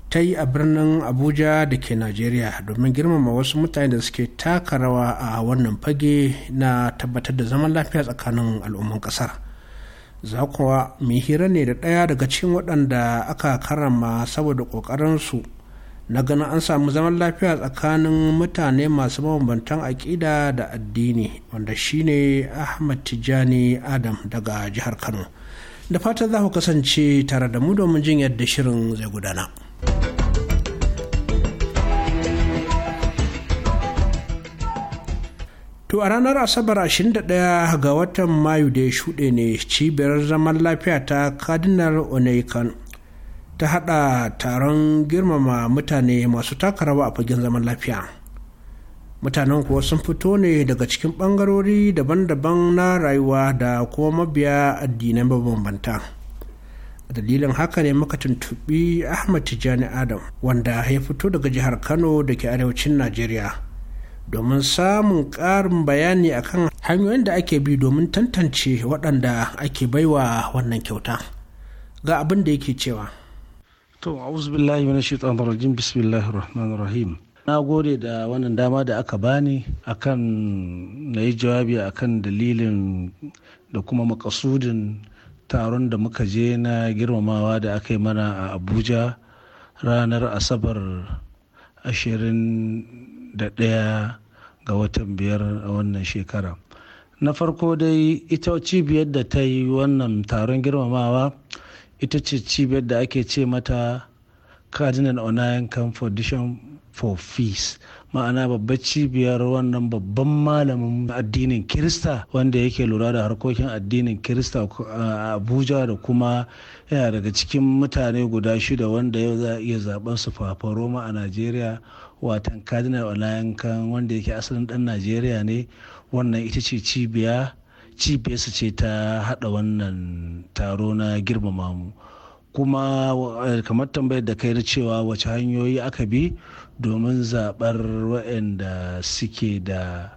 ta yi a birnin abuja da ke nigeria domin girmama wasu mutane da suke taka rawa a wannan fage na tabbatar da zaman lafiya tsakanin al'umman kasar za kuwa mai hira ne da ɗaya daga cikin waɗanda aka karama saboda ƙoƙarinsu na ganin an samu zaman lafiya tsakanin mutane masu mabambantan aƙida da addini wanda shine ahmad tijani adam daga jihar kano da fatan za ku kasance tare da mu domin jin yadda shirin zai gudana. To a ranar Asabar 21 ga watan Mayu da ya shuɗe ne cibiyar zaman lafiya ta Kadinar Onekan. ta hada taron girmama mutane masu taka rawa a fagen zaman lafiya mutanen kuwa sun fito ne daga cikin bangarori daban-daban na rayuwa da kuma mabiya addinai mabambanta dalilin haka ne maka tuntubi ahmad tijjani adam wanda ya fito daga jihar kano da ke arewacin najeriya domin samun ƙarin bayani akan hanyoyin da ake bi domin tantance waɗanda ake baiwa wannan kyauta ga abin da yake cewa to a'udhu billahi shi rahim na gode da wannan dama da aka bani akan na yi jawabi akan dalilin da kuma makasudin taron da muka je na girmamawa da aka yi mana a abuja ranar asabar 21 ga watan biyar a wannan shekara na farko dai ita cibiyar da ta yi wannan taron girmamawa ita ce cibiyar da ake ce mata cardinal onion foundation for peace ma'ana babbar cibiyar wannan babban malamin addinin kirista wanda yake lura da harkokin addinin kirista a abuja da kuma yana daga cikin mutane guda shida wanda yau za iya zaben su fafaroma a nigeria watan cardinal onion wanda yake asalin dan nigeria ne wannan ita ce cibiya su ce ta haɗa wannan taro na girmama mu kuma eh, kamar tambayar da kai na cewa wace hanyoyi aka bi domin zaɓar waɗanda suke da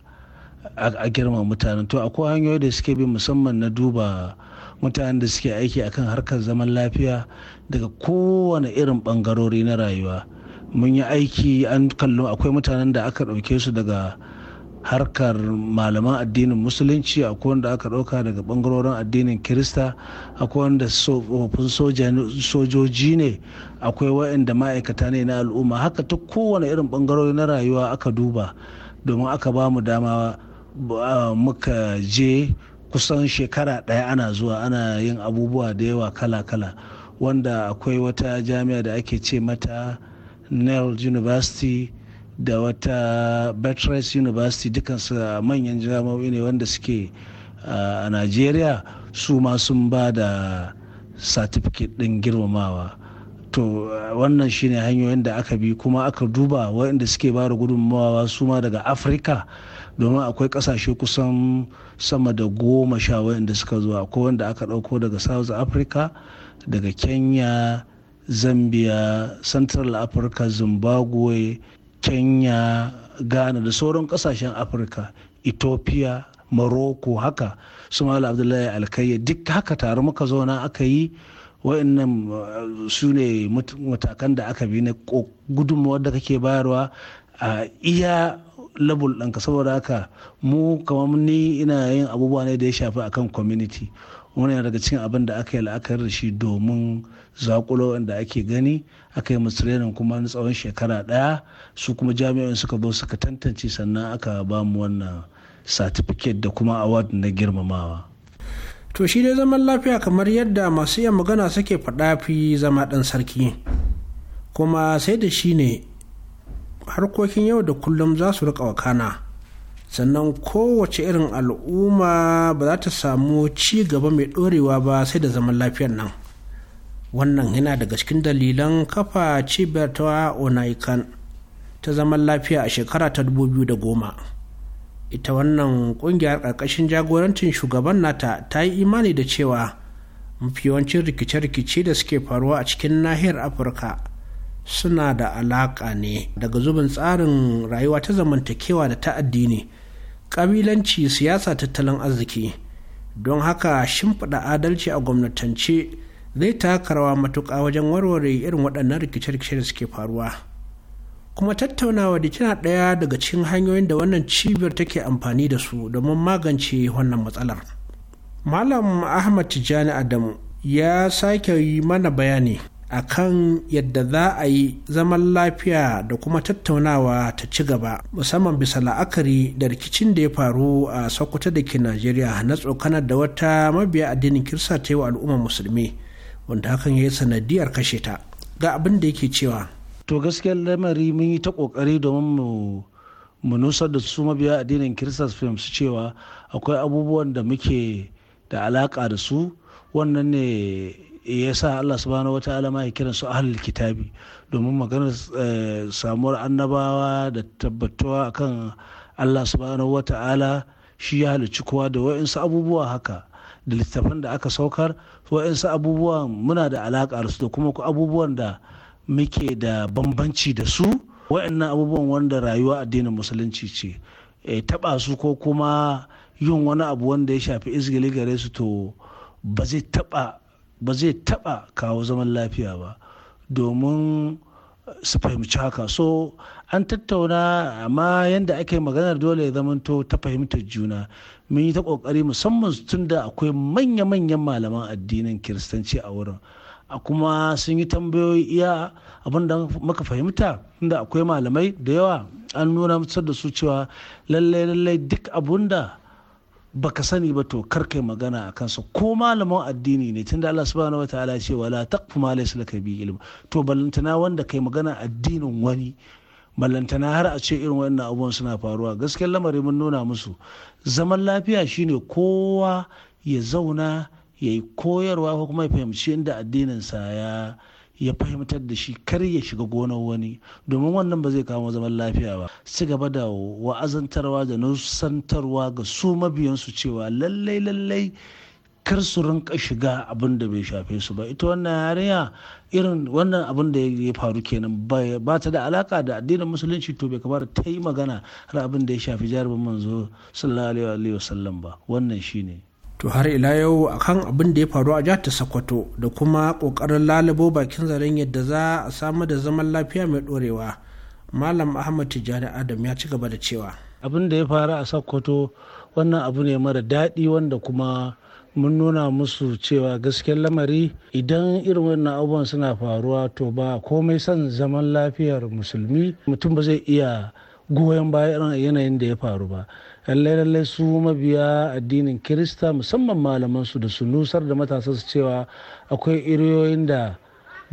a girma mutanen to akwai hanyoyi da suke bi musamman na duba mutanen da suke aiki akan harkar zaman lafiya daga kowane irin ɓangarori na rayuwa mun yi aiki an kallo akwai mutanen da aka ɗauke su daga harkar malaman addinin musulunci akwai wanda aka ɗauka daga bangarorin addinin kirista akwai wanda tsofaffin sojoji ne akwai waɗanda ma'aikata ne na al'umma haka ta kowane irin bangarori na rayuwa aka duba domin aka ba mu dama muka je kusan shekara ɗaya ana zuwa ana yin abubuwa da yawa kala-kala wanda akwai wata jami'a da ake ce mata nel university da wata Beatrice University dukansu manyan jami'o'i ne wanda suke a nigeria su ma sun ba da satifiket din girmamawa. to wannan shine hanyoyin da aka bi kuma aka duba waɗanda suke ba da gudunmawa su ma daga afirka domin akwai ƙasashe kusan sama da goma sha waɗanda suka zuwa akwai wanda aka ɗauko daga south africa daga kenya zambia central africa zimbabwe kenya ghana da sauran kasashen afirka ethiopia morocco haka su mala abdullahi alkayya duk haka tare muka zauna aka yi wa'annan uh, su ne matakan da aka bi na gudunmawar da kake bayarwa a iya labul ɗanka saboda haka mu kamar ni ina yin abubuwa ne da ya shafi akan community wani daga cikin abin da aka yi la'akari da shi domin zaƙulo da ake gani aka yi musu kuma na tsawon shekara ɗaya su kuma jami'an suka zo suka tantance sannan aka ba mu wannan satifiket da kuma award na girmamawa to shi dai zaman lafiya kamar yadda masu iya magana suke faɗa fi zama ɗan sarki kuma sai da shi ne harkokin yau da kullum za su riƙa wakana sannan kowace irin al'umma ba za ta samu ci gaba mai ɗorewa ba sai da zaman lafiyar nan wannan yana daga cikin dalilan kafa cibiyar ta onaikan ta zaman lafiya a shekara ta dubu biyu da goma. ita wannan kungiyar ƙarƙashin jagorancin shugaban nata ta yi imani da cewa mafi yawancin rikice-rikice da suke faruwa a cikin nahiyar afirka suna da alaƙa ne daga zubin tsarin rayuwa ta zamantakewa da ta addini ƙabilanci siyasa tattalin arziki don haka shimfiɗa adalci a gwamnatance zai taka rawa matuka wajen warware irin waɗannan rikice-rikice da suke faruwa kuma tattaunawa da tana ɗaya daga cikin hanyoyin da wannan cibiyar take amfani da su domin magance wannan matsalar malam ahmad tijjani adamu ya sake yi mana bayani akan yadda za a yi zaman lafiya da kuma tattaunawa ta ci gaba musamman bisa la'akari da rikicin da ya faru a sokoto da ke najeriya na tsokanar da wata mabiya addinin kirista ta yi wa al'ummar musulmi wanda hakan ya yi sanadiyar kashe ta ga abin da yake cewa to gaskiyar lamari mun yi ta kokari domin mu nusar da su mabiya addinin kirsas film su cewa akwai abubuwan da muke da alaka da su wannan ne ya sa allah subhanahu wata alama ya kiran su ahlul kitabi domin maganar eh, samuwar annabawa da tabbatuwa akan allah subhanahu wata ala shi ya halicci kowa da wa'insu abubuwa haka da littafan da aka saukar wa'insu abubuwan muna da alaƙa da su da kuma abubuwan da muke da bambanci da su wa'annan abubuwan wanda rayuwa addinin musulunci ce e, taɓa su ko kuma yin wani abu wanda ya shafi izgili gare su to ba zai taɓa kawo zaman lafiya ba domin su fahimci haka so an tattauna amma yadda ake maganar dole ya zamanto ta fahimtar juna mun yi ta kokari musamman tun da akwai manya-manyan malaman addinin kiristanci a wurin a kuma sun yi tambayoyi iya abin da muka fahimta tunda akwai malamai da yawa an nuna mutar da su cewa lallai lallai duk abun da baka sani ba to kar magana a kansa ko malaman addini ne tunda Allah subhanahu ala ce wala taqfu ma laysa laka bi ilm to ballantana wanda kai magana addinin wani ballantana har a ce irin wannan abubuwan suna faruwa gaskiyar lamari mun nuna musu zaman lafiya shine kowa ya zauna ya yi koyarwa ko kuma ya fahimci inda addininsa ya ya fahimtar da shi kar ya shiga gonar wani domin wannan ba zai kawo zaman lafiya ba su gaba da wa'azantarwa da nusantarwa ga su mabiyansu cewa lallai lallai kar su rinka shiga abin da bai shafe su ba ita wannan yarinya irin wannan abin da ya faru kenan ba ta da alaka da addinin musulunci to bai kamar ta yi magana har abin da ya shafi jarabin manzo sallallahu alaihi wasallam ba wannan shine to har ila yau akan abin da ya faru a jihar ta sokoto da kuma kokarin lalabo bakin zaren yadda za a samar da zaman lafiya mai dorewa malam ahmad tijjani adam ya ci gaba da cewa abin da ya faru a sokoto wannan abu ne mara daɗi wanda kuma mun nuna musu cewa gasken lamari idan irin wannan abubuwan suna faruwa to ba komai son zaman lafiyar musulmi mutum ba zai iya goyon bayan yanayin da ya faru ba lallai su mabiya addinin kirista musamman malaman su da su nusar da matasa su cewa akwai iriyoyin da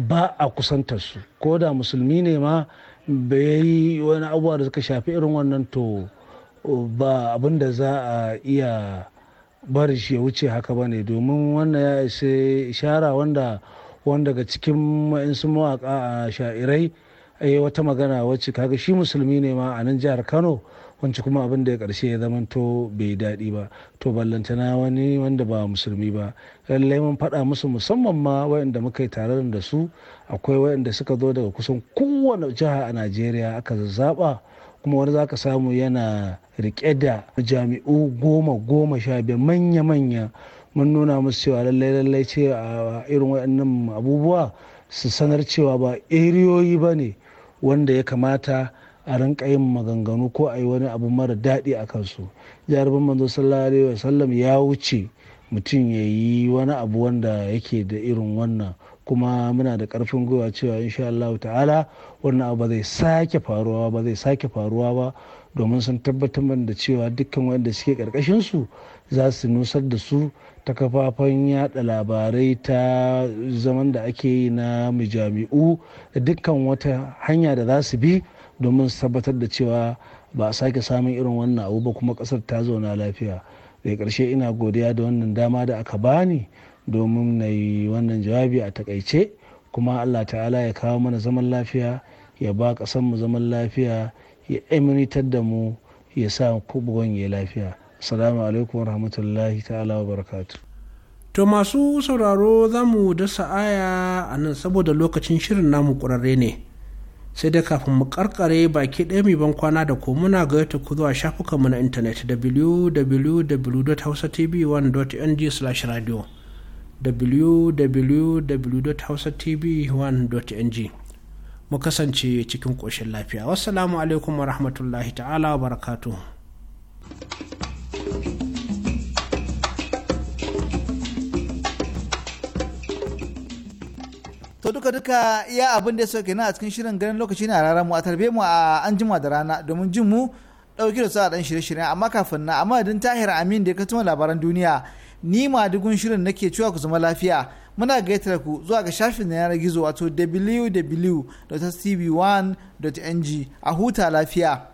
ba a kusantar su ko da musulmi ne ma bai yi wani abubuwa da suka shafi irin wannan to uh, ba abin da za a iya bari shi ya wuce haka bane domin wannan ya isa ishara wanda wanda daga cikin ma'insu mawaka a sha'irai yi eh, wata magana wacce kaga shi musulmi ne ma a nan jihar kano wancan kuma abin da ya karshe ya zamanto bai daɗi ba to ballantana wani wanda ba musulmi ba lallai mun faɗa musu musamman ma wayanda muka yi tare da su akwai wayanda suka zo daga kusan kowane jiha a najeriya aka zazzaɓa kuma wani za ka samu yana rike da jami'u goma goma sha biyar manya-manya mun nuna musu cewa lallai lallai ce a irin waɗannan abubuwa su sanar cewa ba eriyoyi ba ne wanda ya kamata a rinka yin maganganu ko a yi wani abu mara daɗi a kansu jarabin manzo sallallahu alaihi wasallam ya wuce mutum ya yi wani abu wanda yake da irin wannan kuma muna da karfin gwiwa cewa insha Allah ta'ala wannan abu zai sake faruwa ba zai sake faruwa ba domin sun tabbatar mana da cewa dukkan wanda suke karkashin su za su nusar da su ta kafafan yada labarai ta zaman da ake yi na mujami'u da dukkan wata hanya da za su bi domin su tabbatar da cewa ba a sake samun irin wannan abu ba kuma kasar ta zauna lafiya daga karshe ina godiya da wannan dama da aka bani domin na yi wannan jawabi a takaice kuma allah ta'ala ya kawo mana zaman lafiya ya ba mu zaman lafiya ya emiritar da mu ya sa kubuwan ya lafiya assalamu alaikum rahmatullahi ta'ala wa barakatu to masu sauraro za mu dasa aya a nan saboda lokacin shirin namu ƙwararre ne sai dai kafin mu karkare baki ɗaya mai ban kwana da ko muna ga ku zuwa shafukanmu na intanet www.hausatv1.ng/radio www.hausatv1.ng mu kasance cikin koshin lafiya wasu alaikum wa rahmatullahi ta'ala wa barakatu to duka duka iya abin da sauke na a cikin shirin ganin lokaci na rara mu a tarbe mu a an jima da rana domin jin mu dauki da sa dan shirye-shiryen amma kafin na amma din tahir amin da ya kasance labaran duniya ni ma dugun shirin nake cewa ku zama lafiya muna gaitar ku zuwa ga shafin na yanar gizo wato www.tv1.ng a huta lafiya.